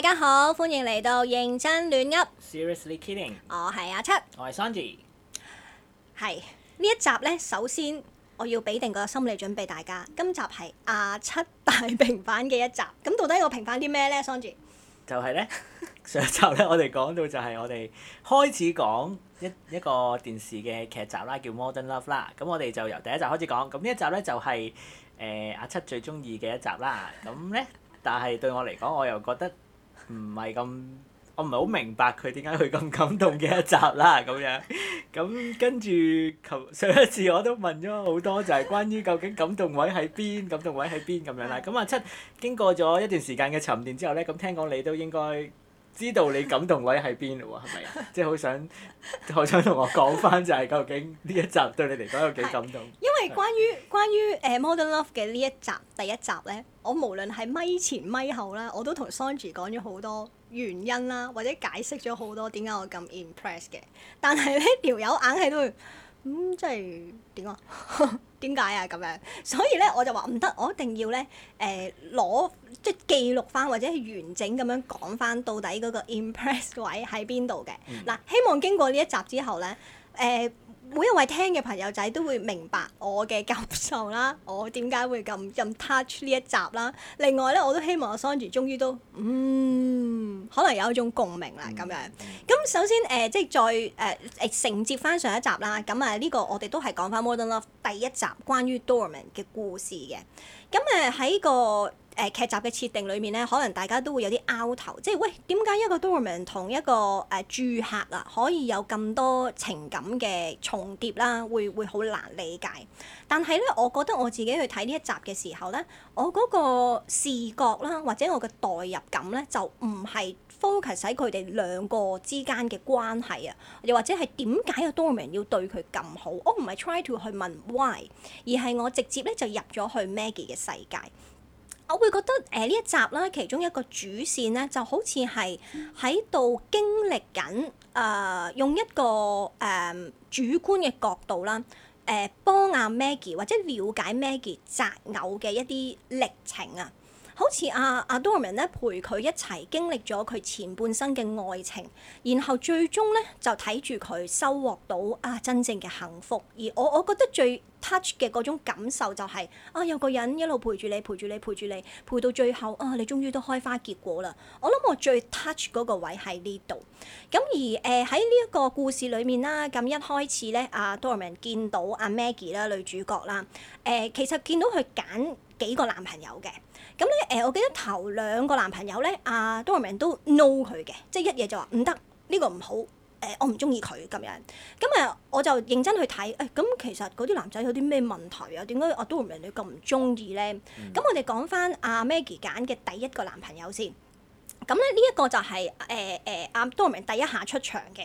大家好，歡迎嚟到認真亂噏，Seriously kidding，我係阿七，我係 Songi，係呢一集呢，首先我要俾定個心理準備，大家，今集係阿七大平反嘅一集，咁到底我平反啲咩呢？Songi，就係呢。上一集呢，我哋講到就係我哋開始講一 一個電視嘅劇集啦，叫 Modern Love 啦，咁我哋就由第一集開始講，咁呢一集呢，就係、是、誒、呃、阿七最中意嘅一集啦，咁呢，但係對我嚟講，我又覺得。唔係咁，我唔係好明白佢點解佢咁感動嘅一集啦咁樣。咁 跟住，求上一次我都問咗好多，就係、是、關於究竟感動位喺邊？感動位喺邊咁樣啦。咁啊七，七經過咗一段時間嘅沉澱之後呢，咁聽講你都應該知道你感動位喺邊嘞喎？係咪啊？即係好想，好想同我講翻，就係究竟呢一集對你嚟講有幾感動？ 因為關於關於誒 Modern Love 嘅呢一集第一集咧，我無論係咪前咪後啦，我都同 Songi 講咗好多原因啦，或者解釋咗好多點解我咁 impressed 嘅。但係呢條友硬係都會嗯，即係點啊？ 點解啊？咁樣，所以咧我就話唔得，我一定要咧誒攞即係記錄翻，或者係完整咁樣講翻到底嗰個 impress 位喺邊度嘅。嗱、嗯，希望經過呢一集之後咧，誒、呃。每一位聽嘅朋友仔都會明白我嘅感受啦，我點解會咁咁 touch 呢一集啦？另外咧，我都希望阿 Songi 終於都嗯可能有一種共鳴啦咁樣。咁首先誒、呃，即係再誒承、呃呃呃、接翻上，上一集啦。咁啊，呢個我哋都係講翻 Modern Love 第一集關於 doorman 嘅故事嘅。咁誒喺個。誒劇集嘅設定裏面咧，可能大家都會有啲拗頭，即係喂點解一個 Dorman 同一個誒住客啊，可以有咁多情感嘅重疊啦？會會好難理解。但係咧，我覺得我自己去睇呢一集嘅時候咧，我嗰個視覺啦，或者我嘅代入感咧，就唔係 focus 喺佢哋兩個之間嘅關係啊，又或者係點解個 Dorman 要對佢咁好？我唔係 try to 去問 why，而係我直接咧就入咗去 Maggie 嘅世界。我會覺得誒呢、呃、一集啦，其中一個主線咧，就好似係喺度經歷緊誒、呃，用一個誒、呃、主觀嘅角度啦，誒、呃、幫阿、啊、Maggie 或者了解 Maggie 擇偶嘅一啲歷程啊。好似阿阿 Doran 咧陪佢一齊經歷咗佢前半生嘅愛情，然後最終咧就睇住佢收穫到啊真正嘅幸福。而我我覺得最 touch 嘅嗰種感受就係、是、啊有個人一路陪住你，陪住你，陪住你，你，陪到最後啊你終於都開花結果啦！我諗我最 touch 嗰個位喺呢度。咁而誒喺呢一個故事裏面啦，咁、嗯、一開始咧，阿、啊、Doorman 見到阿、啊、Maggie 啦、呃，女主角啦，誒、呃、其實見到佢揀幾個男朋友嘅，咁咧誒，我記得頭兩個男朋友咧，阿、啊、Doorman 都 know 佢嘅，即係一嘢就話唔得，呢、這個唔好，誒、呃、我唔中意佢咁樣。咁、嗯、誒，我就認真去睇，誒、欸、咁、嗯、其實嗰啲男仔有啲咩問題啊？點解阿、啊、Doorman 你咁唔中意咧？咁、嗯嗯、我哋講翻阿 Maggie 揀嘅第一個男朋友先。咁咧呢一個就係、是、誒誒、呃、阿、啊、Dorman 第一下出場嘅，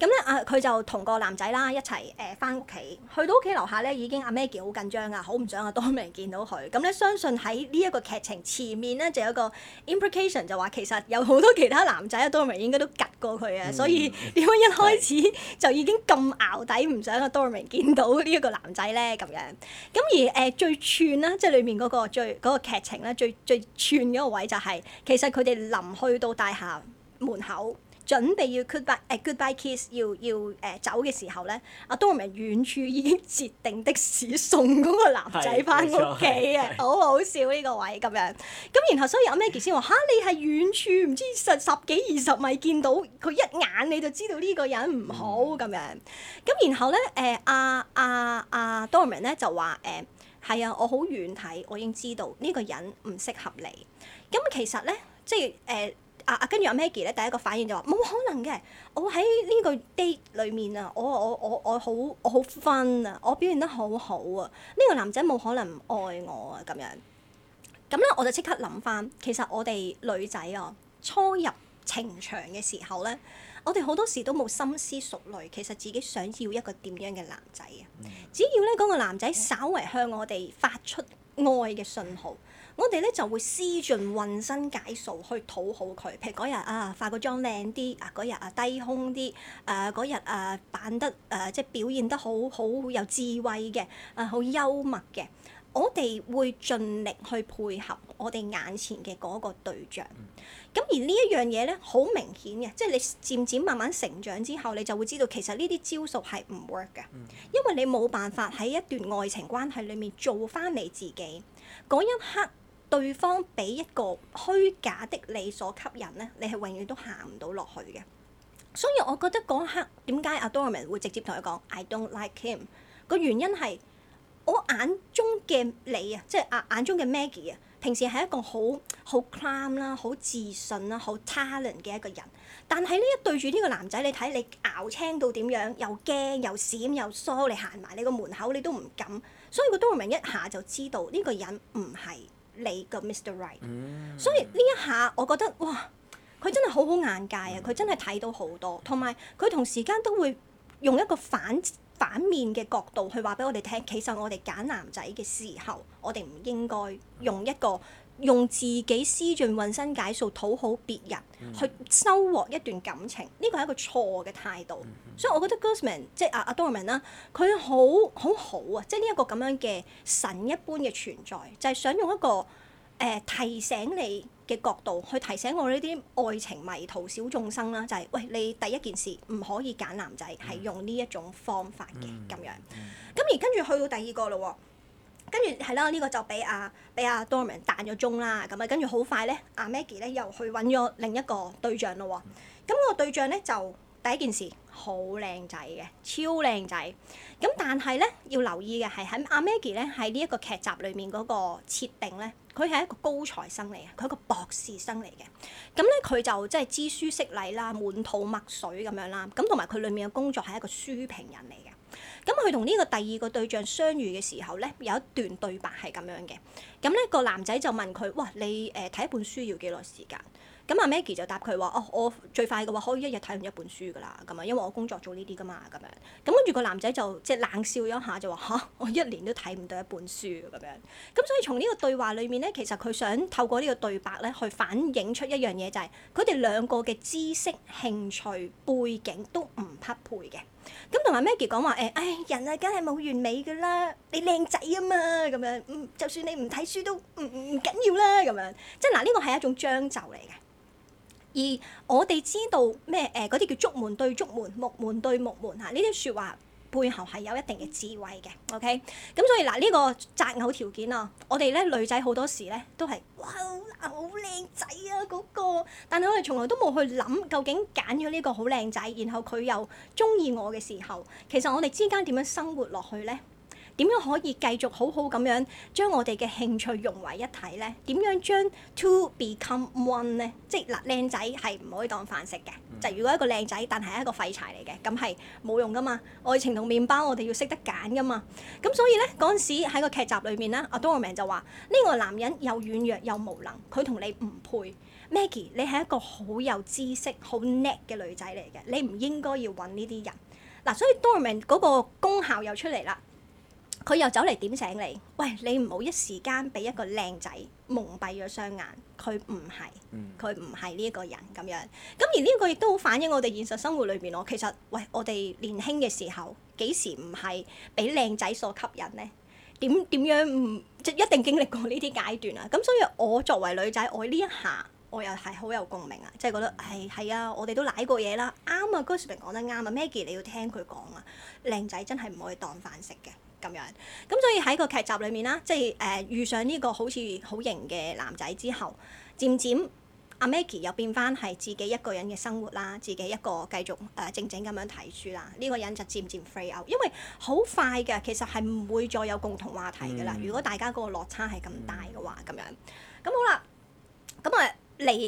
咁咧啊佢就同個男仔啦一齊誒返屋企，去到屋企樓下咧已經阿 Maggie 好緊張啊，好唔想阿 Dorman 見到佢。咁咧相信喺呢一個劇情前面咧就有個 implication 就話其實有好多其他男仔阿 Dorman 應該都夾過佢啊，嗯、所以點解一開始就已經咁淆底唔想阿 Dorman 見到呢一個男仔咧咁樣，咁而誒、呃、最串啦，即、就、係、是、裏面、那個最、那個劇情咧最最，最串個位就係、是、其實佢哋臨。去到大廈門口，準備要 goodbye 誒 goodbye kiss， 啊、要要誒、呃、走嘅時候咧，阿 doorman 遠處已經截定的士送嗰個男仔翻屋企啊，好 好笑呢個位咁樣。咁然後所以阿 Maggie 先話吓你係遠處唔知十十幾二十米見到佢一眼，你就知道呢個人唔好咁樣。咁然後咧誒阿阿阿 doorman 咧就話誒係啊，我好遠睇，我已經知道呢、呢個人唔適合你。咁其實咧。即係誒啊啊！跟住阿 Maggie 咧，第一個反應就話冇可能嘅。我喺呢個 date 裏面啊，我我我我好我好 fun 啊，我表現得好好啊。呢個男仔冇可能唔愛我啊，咁樣。咁咧我就即刻諗翻，其實我哋女仔啊，初入情場嘅時候咧，我哋好多時都冇深思熟慮，其實自己想要一個點樣嘅男仔啊。只要咧嗰個男仔稍為向我哋發出愛嘅信號，我哋咧就會施盡渾身解數去討好佢，譬如嗰日啊化個妝靚啲，啊嗰日啊低胸啲，誒嗰日啊扮得誒即係表現得好好好有智慧嘅，啊好幽默嘅，我哋會盡力去配合我哋眼前嘅嗰個對象。咁、嗯、而呢一樣嘢咧，好明顯嘅，即係你漸漸慢慢成長之後，你就會知道其實呢啲招數係唔 work 嘅，嗯、因為你冇辦法喺一段愛情關係裡面做翻你自己嗰一刻。對方俾一個虛假的你所吸引咧，你係永遠都行唔到落去嘅。所以，我覺得嗰刻點解阿 Doorman 會直接同佢講 I don't like him，那個原因係我眼中嘅你啊，即係啊眼中嘅 Maggie 啊，平時係一個好好 calm 啦，好自信啦，好 talent 嘅一個人。但係呢一對住呢個男仔，你睇你咬青到點樣，又驚又閃又疏，你行埋你個門口你都唔敢。所以，個 Doorman 一下就知道呢個人唔係。你個 Mr. Right，mm hmm. 所以呢一下，我覺得哇，佢真係好好眼界啊！佢真係睇到好多，同埋佢同時間都會用一個反反面嘅角度去話俾我哋聽。其實我哋揀男仔嘅時候，我哋唔應該用一個。用自己施盡渾身解數討好別人，嗯、去收穫一段感情，呢個係一個錯嘅態度。嗯嗯，所以，我覺得 Guzman 即係阿阿 doorman 啦，佢好好好啊！即係呢一個咁樣嘅神一般嘅存在，就係、是、想用一個誒、呃、提醒你嘅角度去提醒我呢啲愛情迷途小眾生啦、啊。就係、是、喂，你第一件事唔可以揀男仔，係、嗯、用呢一種方法嘅咁樣。咁而跟住去到第二個嘞喎。跟住係、這個啊啊、啦，呢個就俾阿俾阿 Dorman 彈咗鐘啦，咁啊，跟住好快咧，阿 Maggie 咧又去揾咗另一個對象咯喎、哦。咁、嗯，那個對象咧就第一件事好靚仔嘅，超靚仔。咁、嗯、但係咧要留意嘅係喺阿、啊、Maggie 咧喺呢一個劇集裏面，嗰個設定咧，佢係一個高材生嚟嘅，佢係一個博士生嚟嘅。咁咧佢就即係知書識禮啦，滿肚墨水咁樣啦。咁同埋佢裏面嘅工作係一個書評人嚟嘅。咁佢同呢個第二個對象相遇嘅時候咧，有一段對白係咁樣嘅。咁、那、咧個男仔就問佢：哇，你誒睇、呃、一本書要幾耐時間？咁阿 Maggie 就答佢話：哦，我最快嘅話可以一日睇完一本書㗎啦。咁啊，因為我工作做呢啲㗎嘛，咁樣。咁跟住個男仔就即係冷笑咗一下，就話：嚇、啊，我一年都睇唔到一本書咁樣。咁所以從呢個對話裡面咧，其實佢想透過呢個對白咧，去反映出一樣嘢，就係佢哋兩個嘅知識、興趣、背景都唔匹配嘅。咁同埋 Maggie 講話誒，唉、哎、人啊，梗係冇完美㗎啦，你靚仔啊嘛，咁樣，嗯，就算你唔睇書都唔唔唔緊要啦，咁樣，即係嗱呢個係一種將就嚟嘅，而我哋知道咩誒嗰啲叫竹門對竹門，木門對木門嚇呢啲説話。背後係有一定嘅智慧嘅，OK，咁所以嗱呢個擇偶條件啊，我哋咧女仔好多時咧都係哇好男靚仔啊嗰個，但係我哋從來都冇去諗究竟揀咗呢個好靚仔，然後佢又中意我嘅時候，其實我哋之間點樣生活落去咧？點樣可以繼續好好咁樣將我哋嘅興趣融為一體咧？點樣將 to become one 咧？即係嗱，靚仔係唔可以當飯食嘅。就如果一個靚仔，但係一個廢柴嚟嘅，咁係冇用噶嘛。愛情同麪包，我哋要識得揀噶嘛。咁所以咧嗰陣時喺個劇集裏面啦，阿 Dorman 就話：呢個男人又軟弱又無能，佢同你唔配。Maggie，你係一個好有知識、好叻嘅女仔嚟嘅，你唔應該要揾呢啲人。嗱，所以 Dorman 嗰個功效又出嚟啦。佢又走嚟點醒你？喂，你唔好一時間俾一個靚仔蒙蔽咗雙眼，佢唔係佢唔係呢一個人咁樣。咁而呢個亦都好反映我哋現實生活裏面。我其實喂，我哋年輕嘅時候幾時唔係俾靚仔所吸引呢？點點樣唔即一定經歷過呢啲階段啊？咁所以我作為女仔，我呢一下我又係好有共鳴啊，即係覺得係係啊，我哋都舐過嘢啦，啱啊 Guzmin 講得啱啊，Maggie 你要聽佢講啊，靚仔真係唔可以當飯食嘅。咁樣，咁所以喺個劇集裏面啦，即係誒、呃、遇上呢個好似好型嘅男仔之後，漸漸阿、啊、Maggie 又變翻係自己一個人嘅生活啦，自己一個繼續誒、呃、靜靜咁樣睇書啦。呢、這個人就漸漸 free out，因為好快嘅，其實係唔會再有共同話題嘅啦。Mm hmm. 如果大家嗰個落差係咁大嘅話，咁、mm hmm. 樣咁好啦。咁啊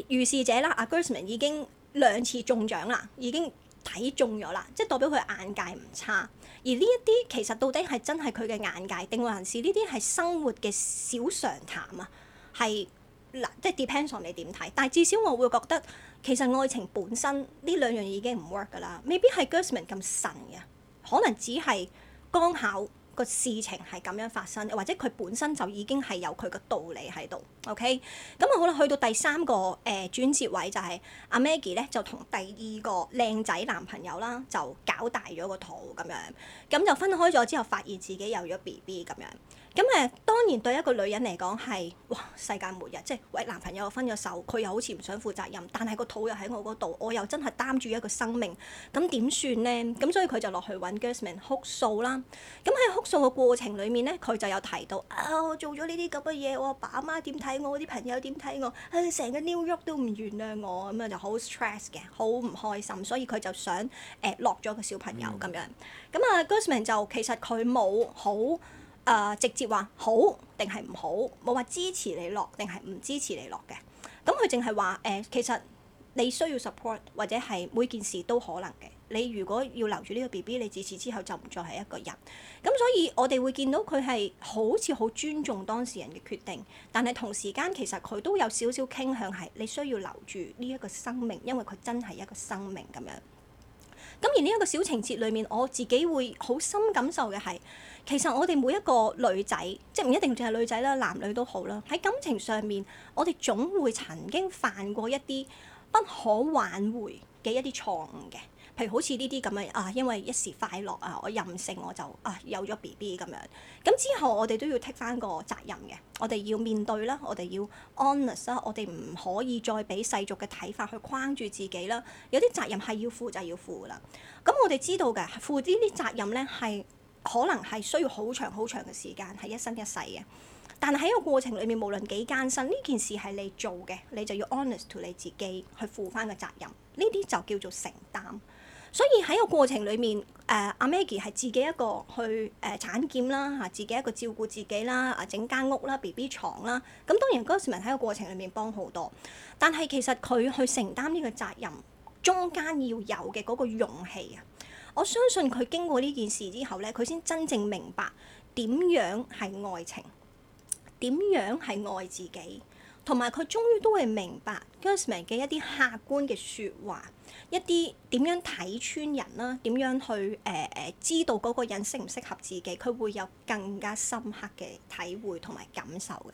於是者啦，阿、啊、Gershman 已經兩次中獎啦，已經睇中咗啦，即係代表佢眼界唔差。而呢一啲其實到底係真係佢嘅眼界定還是呢啲係生活嘅小常談啊？係嗱，即係 depends on 你點睇。但係至少我會覺得，其實愛情本身呢兩樣已經唔 work 噶啦。未必係 Guzmin 咁神嘅，可能只係剛巧。個事情係咁樣發生，或者佢本身就已經係有佢個道理喺度。OK，咁啊好啦，去到第三個誒轉折位就係阿 Maggie 咧，就同第二個靚仔男朋友啦，就搞大咗個肚咁樣，咁就分開咗之後，發現自己有咗 BB 咁樣。咁誒，當然對一個女人嚟講係哇，世界末日，即係喂男朋友分咗手，佢又好似唔想負責任，但係個肚又喺我嗰度，我又真係擔住一個生命，咁點算咧？咁所以佢就落去揾 Gosman 哭訴啦。咁喺哭訴嘅過程裡面咧，佢就有提到啊，我做咗呢啲咁嘅嘢，我爸媽點睇我，我啲朋友點睇我，誒、啊、成個 New York 都唔原諒我，咁樣就好 stress 嘅，好唔開心，所以佢就想誒落咗個小朋友咁、嗯、樣。咁啊，Gosman 就其實佢冇好。誒、呃、直接話好定係唔好，冇話支持你落定係唔支持你落嘅。咁佢淨係話誒，其實你需要 support 或者係每件事都可能嘅。你如果要留住呢個 BB，你自此之後就唔再係一個人。咁所以我哋會見到佢係好似好尊重當事人嘅決定，但係同時間其實佢都有少少傾向係你需要留住呢一個生命，因為佢真係一個生命咁樣。咁而呢一個小情節裡面，我自己會好深感受嘅係。其實我哋每一個女仔，即係唔一定淨係女仔啦，男女都好啦。喺感情上面，我哋總會曾經犯過一啲不可挽回嘅一啲錯誤嘅，譬如好似呢啲咁嘅啊，因為一時快樂啊，我任性我就啊有咗 B B 咁樣。咁之後我哋都要 take 翻個責任嘅，我哋要面對啦，我哋要 honest 啦，我哋唔可以再俾世俗嘅睇法去框住自己啦。有啲責任係要負就要負啦。咁我哋知道嘅，負呢啲責任咧係。可能係需要好長好長嘅時間，係一生一世嘅。但係喺個過程裏面，無論幾艱辛，呢件事係你做嘅，你就要 honest to 你自己去負翻個責任。呢啲就叫做承擔。所以喺個過程裏面，誒、啊、阿 Maggie 係自己一個去誒產檢啦，嚇、啊、自己一個照顧自己啦，啊整間屋啦、B B 床啦。咁、啊、當然高士明喺個過程裏面幫好多。但係其實佢去承擔呢個責任，中間要有嘅嗰個勇氣啊！我相信佢經過呢件事之後咧，佢先真正明白點樣係愛情，點樣係愛自己，同埋佢終於都會明白 Gosman 嘅一啲客觀嘅説話，一啲點樣睇穿人啦，點樣去誒誒、呃、知道嗰個人適唔適合自己，佢會有更加深刻嘅體會同埋感受嘅。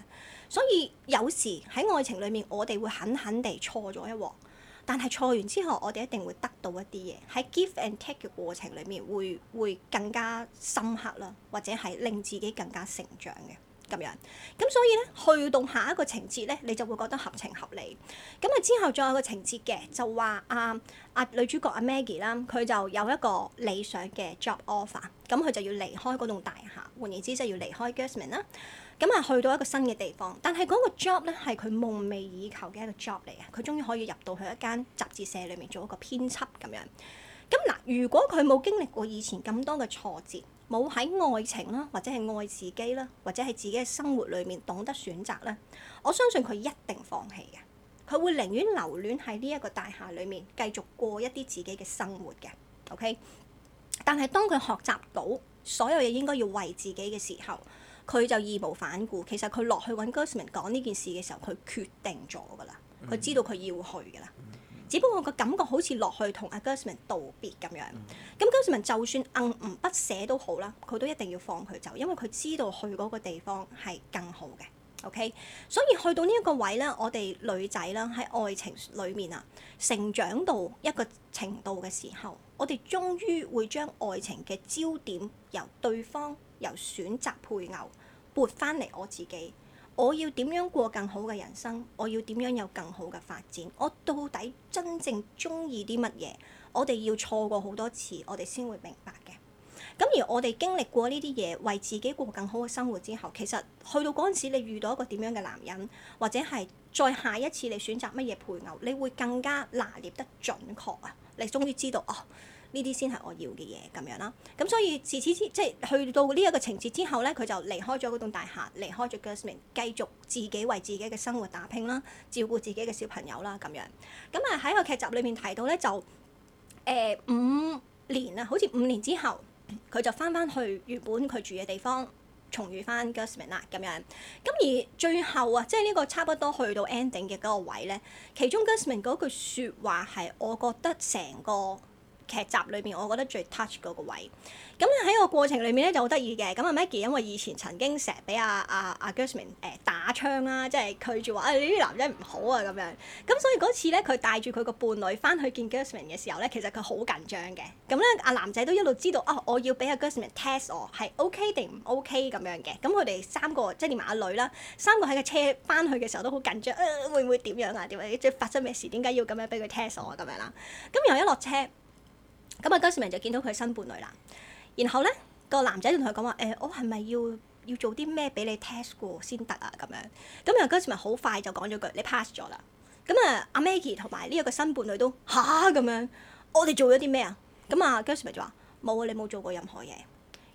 所以有時喺愛情裡面，我哋會狠狠地錯咗一鑊。但係錯完之後，我哋一定會得到一啲嘢，喺 give and take 嘅過程裏面，會會更加深刻啦，或者係令自己更加成長嘅咁樣。咁所以咧，去到下一個情節咧，你就會覺得合情合理。咁啊，之後再有個情節嘅就話啊啊女主角阿、啊、Maggie 啦，佢就有一個理想嘅 job offer，咁佢就要離開嗰棟大廈，換言之就要離開 Guzmin 啦。咁啊，去到一個新嘅地方，但係嗰個 job 咧係佢夢寐以求嘅一個 job 嚟啊！佢終於可以入到去一間雜誌社裏面做一個編輯咁樣。咁嗱，如果佢冇經歷過以前咁多嘅挫折，冇喺愛情啦，或者係愛自己啦，或者係自己嘅生活裏面懂得選擇咧，我相信佢一定放棄嘅。佢會寧願留戀喺呢一個大廈裏面，繼續過一啲自己嘅生活嘅。OK，但係當佢學習到所有嘢應該要為自己嘅時候。佢就義無反顧，其實佢落去揾 Gosman 講呢件事嘅時候，佢決定咗噶啦，佢知道佢要去噶啦，mm hmm. 只不過個感覺好似落去同阿 Gosman 道別咁樣。咁、mm hmm. Gosman 就算硬唔不捨都好啦，佢都一定要放佢走，因為佢知道去嗰個地方係更好嘅。OK，所以去到呢一個位咧，我哋女仔啦，喺愛情裡面啊，成長到一個程度嘅時候，我哋終於會將愛情嘅焦點由對方。由選擇配偶撥翻嚟我自己，我要點樣過更好嘅人生？我要點樣有更好嘅發展？我到底真正中意啲乜嘢？我哋要錯過好多次，我哋先會明白嘅。咁而我哋經歷過呢啲嘢，為自己過更好嘅生活之後，其實去到嗰陣時，你遇到一個點樣嘅男人，或者係再下一次你選擇乜嘢配偶，你會更加拿捏得準確啊！你終於知道哦。呢啲先係我要嘅嘢，咁樣啦。咁所以自此之即係去到呢一個情節之後咧，佢就離開咗嗰棟大廈，離開咗 Gosman，繼續自己為自己嘅生活打拼啦，照顧自己嘅小朋友啦，咁樣。咁啊喺個劇集裏面提到咧，就誒、呃、五年啊，好似五年之後佢就翻翻去原本佢住嘅地方，重遇翻 Gosman 啦，咁樣。咁而最後啊，即係呢個差不多去到 ending 嘅嗰個位咧，其中 Gosman 嗰句説話係我覺得成個劇集裏面我覺得最 touch 嗰個位，咁咧喺個過程裏面咧就好得意嘅。咁阿 Maggie 因為以前曾經成日俾阿阿阿 Gusman 誒、呃、打槍啦，即係拒絕話誒，你啲男仔唔好啊咁樣咁，所以嗰次咧佢帶住佢個伴侶翻去見 Gusman 嘅時候咧，其實佢好緊張嘅。咁咧阿男仔都一路知道啊、哦，我要俾阿 Gusman test 我係 OK 定唔 OK 咁樣嘅。咁佢哋三個即係連埋阿女啦，三個喺個車翻去嘅時候都好緊張，呃、會唔會點樣啊？點啊？最發生咩事？點解要咁樣俾佢 test 我咁樣啦？咁又一落車。咁啊，戈斯明就見到佢新伴侶啦。然後咧，個男仔就同佢講話，誒，我係咪要要做啲咩俾你 test 過先得啊？咁樣。咁啊，戈斯明好快就講咗句，你 pass 咗啦。咁啊，阿 Maggie 同埋呢一個新伴侶都嚇咁樣，我哋做咗啲咩啊？咁啊，戈斯明就話：冇啊，你冇做，做過任何嘢。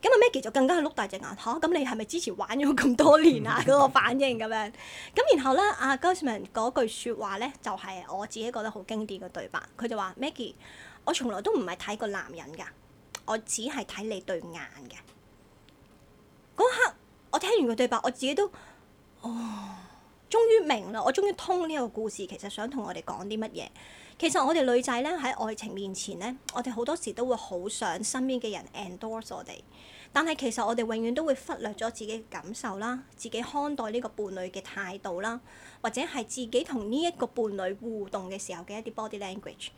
咁啊，Maggie 就更加係碌大隻眼嚇，咁、啊、你係咪之前玩咗咁多年啊？嗰、那個反應咁樣。咁然後咧，阿、啊、g 戈斯明嗰句説話咧，就係、是、我自己覺得好經典嘅對白。佢就話：Maggie。Mag gie, 我從來都唔係睇個男人噶，我只係睇你對眼嘅。嗰刻我聽完個對白，我自己都哦，終於明啦！我終於通呢個故事，其實想同我哋講啲乜嘢。其實我哋女仔咧，喺愛情面前咧，我哋好多時都會好想身邊嘅人 endorse 我哋，但係其實我哋永遠都會忽略咗自己嘅感受啦，自己看待呢個伴侶嘅態度啦，或者係自己同呢一個伴侶互動嘅時候嘅一啲 body language。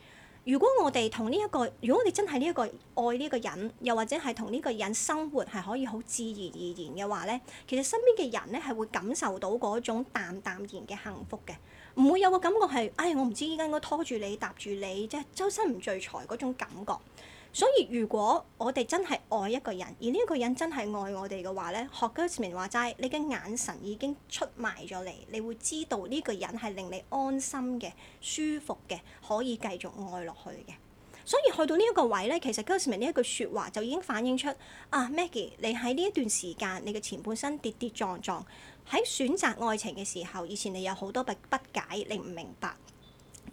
如果我哋同呢一個，如果你真係呢一個愛呢個人，又或者係同呢個人生活係可以好自然而然嘅話咧，其實身邊嘅人咧係會感受到嗰種淡淡然嘅幸福嘅，唔會有個感覺係，唉、哎，我唔知依家應該拖住你搭住你，即係周身唔聚財嗰種感覺。所以如果我哋真係愛一個人，而呢一個人真係愛我哋嘅話咧，學哥斯明話齋，你嘅眼神已經出賣咗你，你會知道呢個人係令你安心嘅、舒服嘅，可以繼續愛落去嘅。所以去到呢一個位咧，其實哥斯明呢一句説話就已經反映出啊，Maggie，你喺呢一段時間，你嘅前半生跌跌撞撞，喺選擇愛情嘅時候，以前你有好多不不解，你唔明白。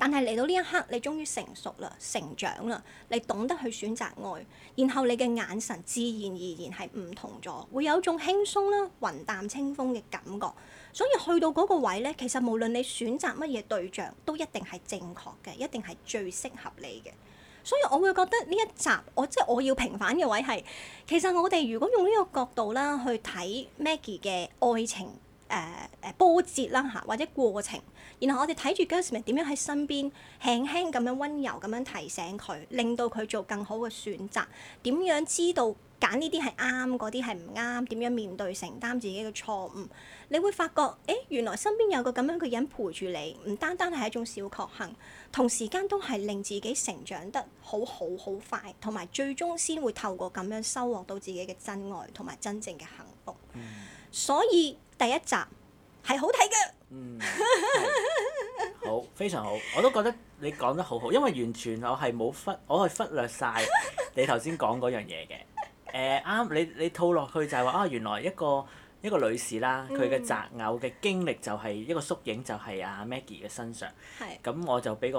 但係嚟到呢一刻，你終於成熟啦、成長啦，你懂得去選擇愛，然後你嘅眼神自然而然係唔同咗，會有一種輕鬆啦、雲淡清風嘅感覺。所以去到嗰個位呢，其實無論你選擇乜嘢對象，都一定係正確嘅，一定係最適合你嘅。所以我會覺得呢一集，我即係、就是、我要平反嘅位係，其實我哋如果用呢個角度啦去睇 Maggie 嘅愛情。誒誒、呃、波折啦嚇，或者過程，然後我哋睇住 Gentleman 點樣喺身邊輕輕咁樣溫柔咁樣提醒佢，令到佢做更好嘅選擇。點樣知道揀呢啲係啱，嗰啲係唔啱？點樣面對、承擔自己嘅錯誤？你會發覺，誒原來身邊有個咁樣嘅人陪住你，唔單單係一種小確幸，同時間都係令自己成長得好好好快，同埋最終先會透過咁樣收穫到自己嘅真愛同埋真正嘅幸福。所以。第一集係好睇嘅，嗯，好，非常好，我都覺得你講得好好，因為完全我係冇忽，我係忽略晒你頭先講嗰樣嘢嘅。誒、呃、啱，你你套落去就係話啊，原來一個一個女士啦，佢嘅擇偶嘅經歷就係一個縮影，就係阿、啊、Maggie 嘅身上。係。咁我就俾個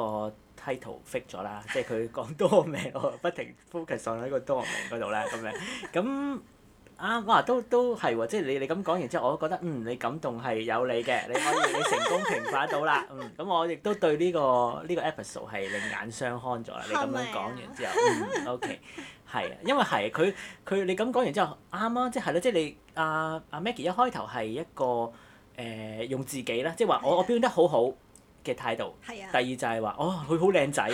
title fix 咗啦，即係佢講 Doorman，我就不停 focus 喺一個 Doorman 嗰度咧咁樣咁。啱，我話都都係喎、啊，即係你你咁講完之後，我都覺得嗯，你感動係有你嘅，你可以你成功平反到啦，嗯，咁我亦都對呢、這個呢、這個 episode 係另眼相看咗啦。你咁樣講完之後，嗯，OK，係 啊，因為係佢佢你咁講完之後啱啊，即係咯，即、ah、係你阿阿 Maggie 一開頭係一個誒、um, 用自己啦，即係話我我表現得好好嘅態度 ummer，第二就係話哦佢好靚仔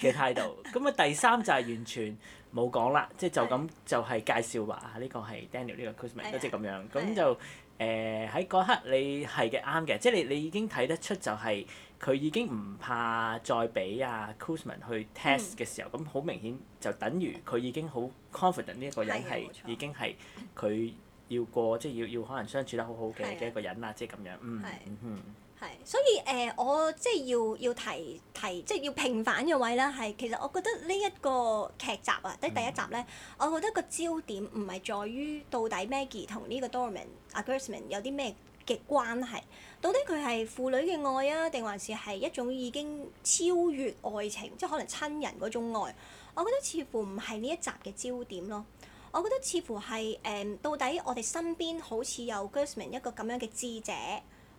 嘅態度，咁啊第三就係完全。冇講啦，即係就咁就係介紹話啊，呢的個係 Daniel 呢個 Kuzman 即係咁樣。咁的就誒喺嗰刻你係嘅啱嘅，即係你你已經睇得出就係佢已經唔怕再俾啊 Kuzman 去 test 嘅時候，咁好、嗯、明顯就等於佢已經好 confident 呢一個人係已經係佢要過，即、就、係、是、要要可能相處得好好嘅嘅一個人啊是的、嗯，即係咁樣，嗯嗯係，所以誒、呃，我即係要要提提，即係要平反嘅位啦。係，其實我覺得呢一個劇集啊，即係、嗯、第一集咧，我覺得個焦點唔係在於到底 Maggie 同呢個 Dorman 啊 Gersman 有啲咩嘅關係，到底佢係父女嘅愛啊，定還是係一種已經超越愛情，即係可能親人嗰種愛，我覺得似乎唔係呢一集嘅焦點咯。我覺得似乎係誒、呃，到底我哋身邊好似有 Gersman 一個咁樣嘅智者。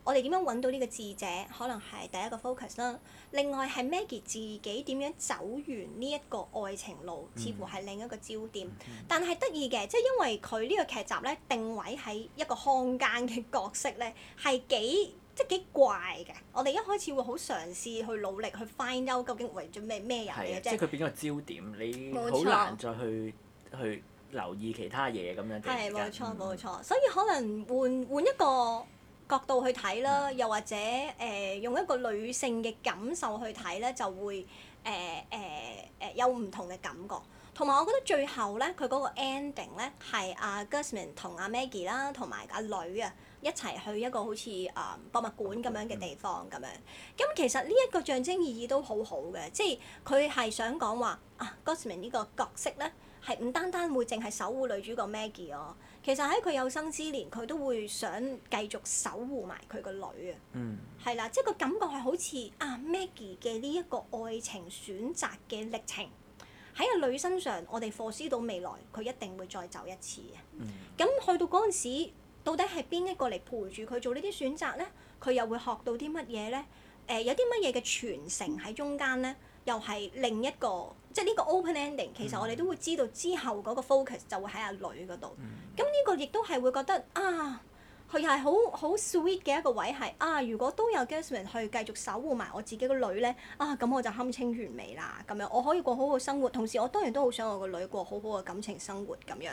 我哋點樣揾到呢個智者，可能係第一個 focus 啦。另外係 Maggie 自己點樣走完呢一個愛情路，似乎係另一個焦點。嗯嗯嗯、但係得意嘅，即係因為佢呢個劇集咧定位喺一個悍間嘅角色咧，係幾即係幾怪嘅。我哋一開始會好嘗試去努力去 find out 究竟為咗咩咩人嘅，即係佢變咗個焦點，你好難再去錯去留意其他嘢咁樣。係冇錯冇、嗯、錯，所以可能換換一個。角度去睇啦，又或者誒、呃、用一個女性嘅感受去睇咧，就會誒誒誒有唔同嘅感覺。同埋我覺得最後咧，佢嗰個 ending 咧係阿、啊、Gosman 同阿 Maggie 啦，同埋阿女啊一齊去一個好似誒、嗯、博物館咁樣嘅地方咁樣。咁、嗯、其實呢一個象徵意義都好好嘅，即係佢係想講話啊 Gosman 呢個角色咧。係唔單單會淨係守護女主角 Maggie 咯，其實喺佢有生之年，佢都會想繼續守護埋佢個女、嗯、啊。係啦，即係個感覺係好似啊 Maggie 嘅呢一個愛情選擇嘅歷程，喺個女身上，我哋 foresee 思到未來，佢一定會再走一次嘅。咁、嗯、去到嗰陣時，到底係邊一個嚟陪住佢做呢啲選擇咧？佢又會學到啲乜嘢咧？誒、呃，有啲乜嘢嘅傳承喺中間咧？又係另一個。即係呢個 open ending，其實我哋都會知道之後嗰個 focus 就會喺阿女嗰度。咁呢、嗯、個亦都係會覺得啊，佢係好好 sweet 嘅一個位係啊。如果都有 gentleman 去繼續守護埋我自己個女咧啊，咁我就堪稱完美啦。咁樣我可以過好好生活，同時我當然都好想我個女過好好嘅感情生活咁樣。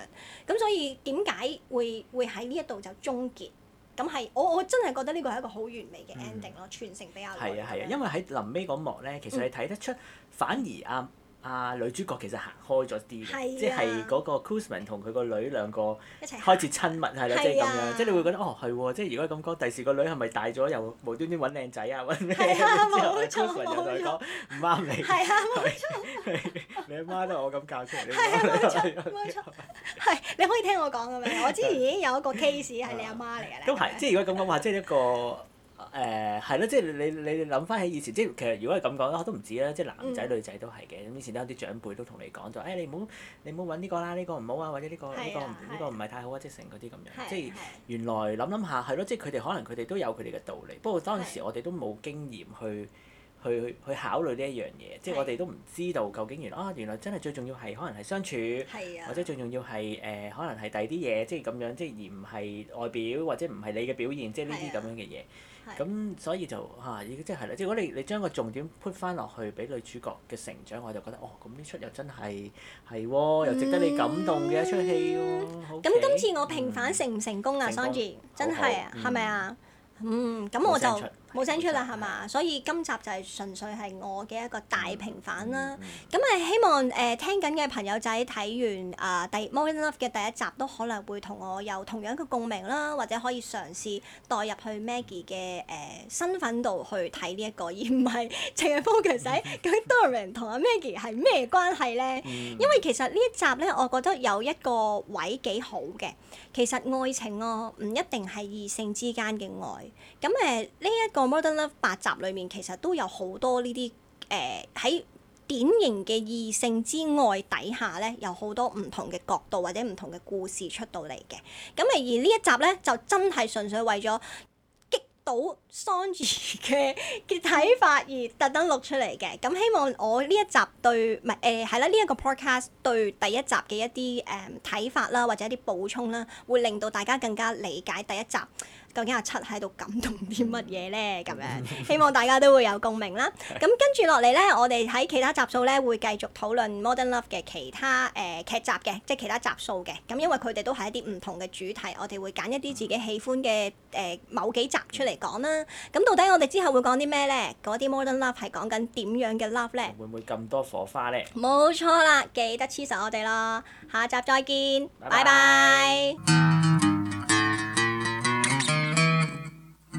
咁所以點解會會喺呢一度就終結？咁係我我真係覺得呢個係一個好完美嘅 ending 咯、嗯，全程比較。係啊係啊，因為喺臨尾嗰幕咧，其實你睇得出，嗯、反而阿、啊。啊！女主角其實行開咗啲，即係嗰個 Kuzman 同佢個女兩個開始親密係咯，即係咁樣，即係你會覺得哦，係喎！即係如果咁講，第時個女係咪大咗又無端端揾靚仔啊？揾咩？之後 Kuzman 又同佢講唔啱你，係啊！冇錯，你阿媽都我咁教出嚟。係啊！冇錯，冇錯。係你可以聽我講嘅，我之前已經有一個 case 係你阿媽嚟嘅咧。咁係即係如果咁講話，即係一個。誒係咯，即係你你你諗翻起以前，即係其實如果係咁講我都唔止啦。即係男仔女仔都係嘅。咁以前都有啲長輩都同你講咗，誒、哎、你唔好你唔好揾呢個啦，呢、呢個唔好啊，或者呢、呢個呢、啊、個呢、啊、個唔係太好啊，即成嗰啲咁樣。啊啊、即係原來諗諗下係咯，即係佢哋可能佢哋都有佢哋嘅道理。不過當時我哋都冇經驗去、啊、去去考慮呢一樣嘢。即係我哋都唔知道究竟原來啊，原來真係最重要係可能係相處，啊、或者最重要係誒、呃、可能係第二啲嘢，即係咁樣，即係而唔係外表或者唔係你嘅表現，即係呢啲咁樣嘅嘢。咁所以就嚇，已經即係啦。即係如果你你將個重點 put 翻落去俾女主角嘅成長，我就覺得哦，咁呢出又真係係喎，又值得你感動嘅一出戲喎、啊。咁今、嗯、Okay, 次我平反成唔成功啊桑 a n d y 真係係咪啊？嗯，咁我就。我冇聲出啦，係嘛？所以今集就係純粹係我嘅一個大平反啦。咁誒、mm hmm. 嗯，希望誒、呃、聽緊嘅朋友仔睇完啊第 Modern Love 嘅第一集，都可能會同我有同樣嘅共鳴啦，或者可以嘗試代入去 Maggie 嘅誒、呃、身份度去睇呢一個，而唔係淨係 focus 究竟 Dorian 同阿 Maggie 係咩關係咧？Mm hmm. 因為其實呢一集咧，我覺得有一個位幾好嘅。其實愛情哦、啊，唔一定係異性之間嘅愛。咁誒，呢、呃、一、呃這個。摩登端啦，八集裏面其實都有好多呢啲誒喺典型嘅異性之外底下咧，有好多唔同嘅角度或者唔同嘅故事出到嚟嘅。咁而呢一集咧，就真係純粹為咗激到桑怡嘅嘅睇法而特登錄出嚟嘅。咁希望我呢一集對，唔係誒，係啦，呢一個 podcast 對第一集嘅一啲誒睇法啦或者一啲補充啦，會令到大家更加理解第一集，究竟阿七喺度感動啲乜嘢呢？咁 樣希望大家都會有共鳴啦。咁跟住落嚟呢，我哋喺其他集數呢，會繼續討論 Modern Love 嘅其他誒、呃、劇集嘅，即係其他集數嘅。咁因為佢哋都係一啲唔同嘅主題，我哋會揀一啲自己喜歡嘅誒、呃、某幾集出嚟講啦。咁到底我哋之後會講啲咩呢？嗰啲 Modern Love 係講緊點樣嘅 Love 呢？會唔會咁多火花呢？冇錯啦，記得黐實我哋咯。下集再見，拜拜。拜拜。